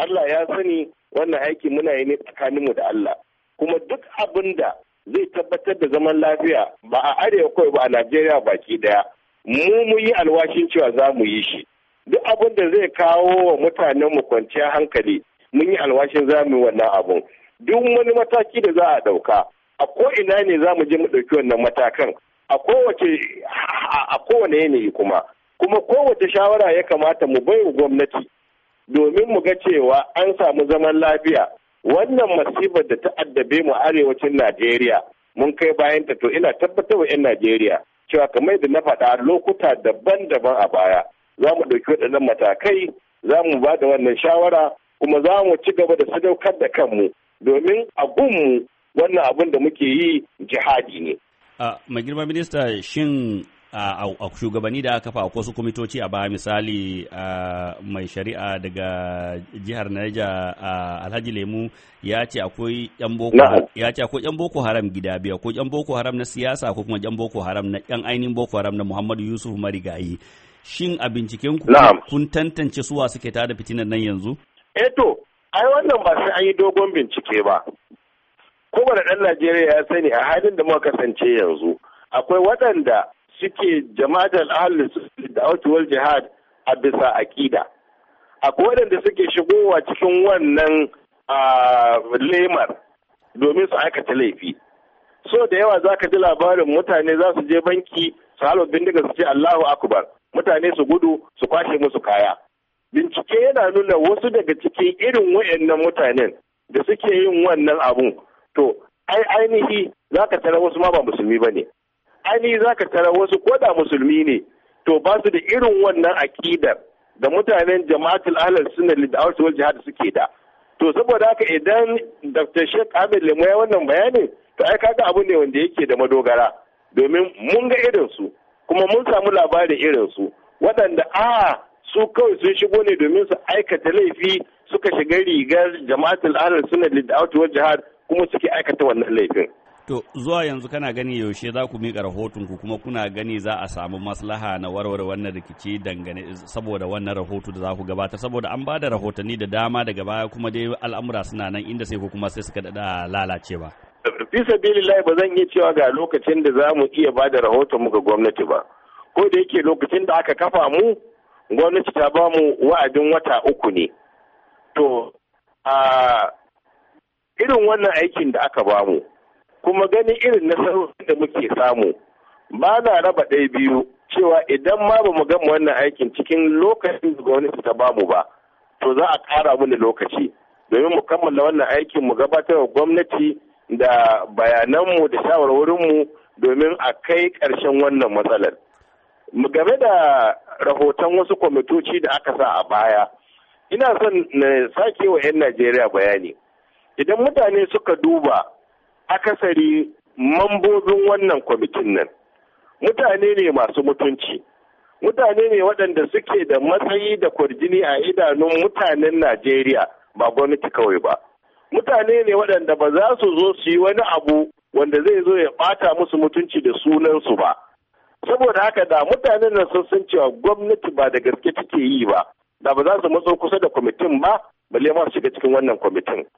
Allah ya sani wannan aiki muna yi ne tsakaninmu da Allah kuma duk abin da zai tabbatar da zaman lafiya ba a arewa kawai ba a Najeriya baki daya mu mu yi alwashin cewa za mu yi shi duk abin da zai kawo wa mutanen mu kwanciya hankali mun yi alwashin za mu yi wannan abun duk wani mataki da za a ɗauka a ko ina ne za mu je mu ɗauki wannan matakan a kowace a kowane yanayi kuma kuma kowace shawara ya kamata mu bai wa gwamnati domin mu ga cewa an samu zaman lafiya wannan masifar da ta addabe mu arewacin Najeriya mun kai bayan ta to ina tabbatar wa 'yan Najeriya cewa kamar da na faɗa lokuta daban-daban a baya za mu ɗauki waɗannan matakai za mu ba da wannan shawara kuma za mu ci gaba da sadaukar da kanmu domin a gunmu wannan abin da muke yi jihadi ne. A ah, mai girma minista shin a shugabanni da aka kafa a wasu kwamitoci a baya misali mai shari'a daga jihar Niger Alhaji Lemu ya ce akwai yan boko haram gida biya ko yan boko haram na siyasa ko kuma yan boko haram na yan ainihin boko haram na Muhammadu Yusuf Marigayi shin a binciken ku kun tantance suwa suke tada fitinan nan yanzu eh to ai wannan ba sai an yi dogon bincike ba kowane ɗan Najeriya ya sani a halin da muka kasance yanzu akwai waɗanda suke jama'atul ahlus da'awati wal jihad a bisa aƙida akwai waɗanda suke shigowa cikin wannan lemar domin su aikata laifi so da yawa za ka ji labarin mutane za su je banki su halwa bindiga su ce allahu akbar mutane su gudu su kwashe musu kaya bincike yana nuna wasu daga cikin irin wayannan mutanen da suke yin wannan abun to ai ainihi za ka tara wasu ma ba musulmi ba ne ainihi ka tara wasu koda musulmi ne to ba su da irin wannan aƙidar da mutanen jama'atul ahlul sunna da da'awatul jihad suke da to saboda haka idan Dr. Sheikh Ahmed Lemo ya wannan bayanin to ai kaga abu ne wanda yake da madogara domin mun ga irin kuma mun samu labarin irin su waɗanda a su kawai sun shigo ne domin su aikata laifi suka shiga rigar jama'atul ahlul sunna da da'awatul jihad kuma suke aikata wannan laifin To zuwa yanzu kana gani yaushe za ku miƙa rahoton ku kuma kuna gani za a samu maslaha na warware wannan rikici dangane saboda wannan rahoto da za ku gabata saboda an ba da rahotanni da dama daga baya kuma dai al'amura suna nan inda sai ko kuma sai suka dada lalace ba. Fisa ba zan iya cewa ga lokacin da za mu iya ba da rahoton mu ga gwamnati ba. Ko da yake lokacin da aka kafa mu gwamnati ta ba mu wa'adin wata uku ne. To a irin wannan aikin da aka ba mu. kuma ganin irin nasarorin da muke samu ba na raba ɗaya biyu cewa idan ma ba mu gama wannan aikin cikin lokacin da gwamnati ta bamu ba to za a ƙara da lokaci domin mu kammala wannan aikin mu gabatar wa gwamnati da bayananmu da shawarwarinmu domin a kai ƙarshen wannan matsalar. Mu game da rahoton wasu kwamitoci da aka sa a baya ina son na sake wa 'yan najeriya bayani idan mutane suka duba akasari mambobin wannan kwamitin nan mutane ne masu mutunci mutane ne waɗanda suke da matsayi da kwarjini a idanun mutanen najeriya ba gwamnati kawai ba mutane ne waɗanda ba za su zo su yi wani abu wanda zai zo ya ɓata musu mutunci da sunansu ba saboda haka da mutanen nan sun san cewa gwamnati ba da gaske take yi ba da ba za su matso kusa da kwamitin ba balle ma su shiga cikin wannan kwamitin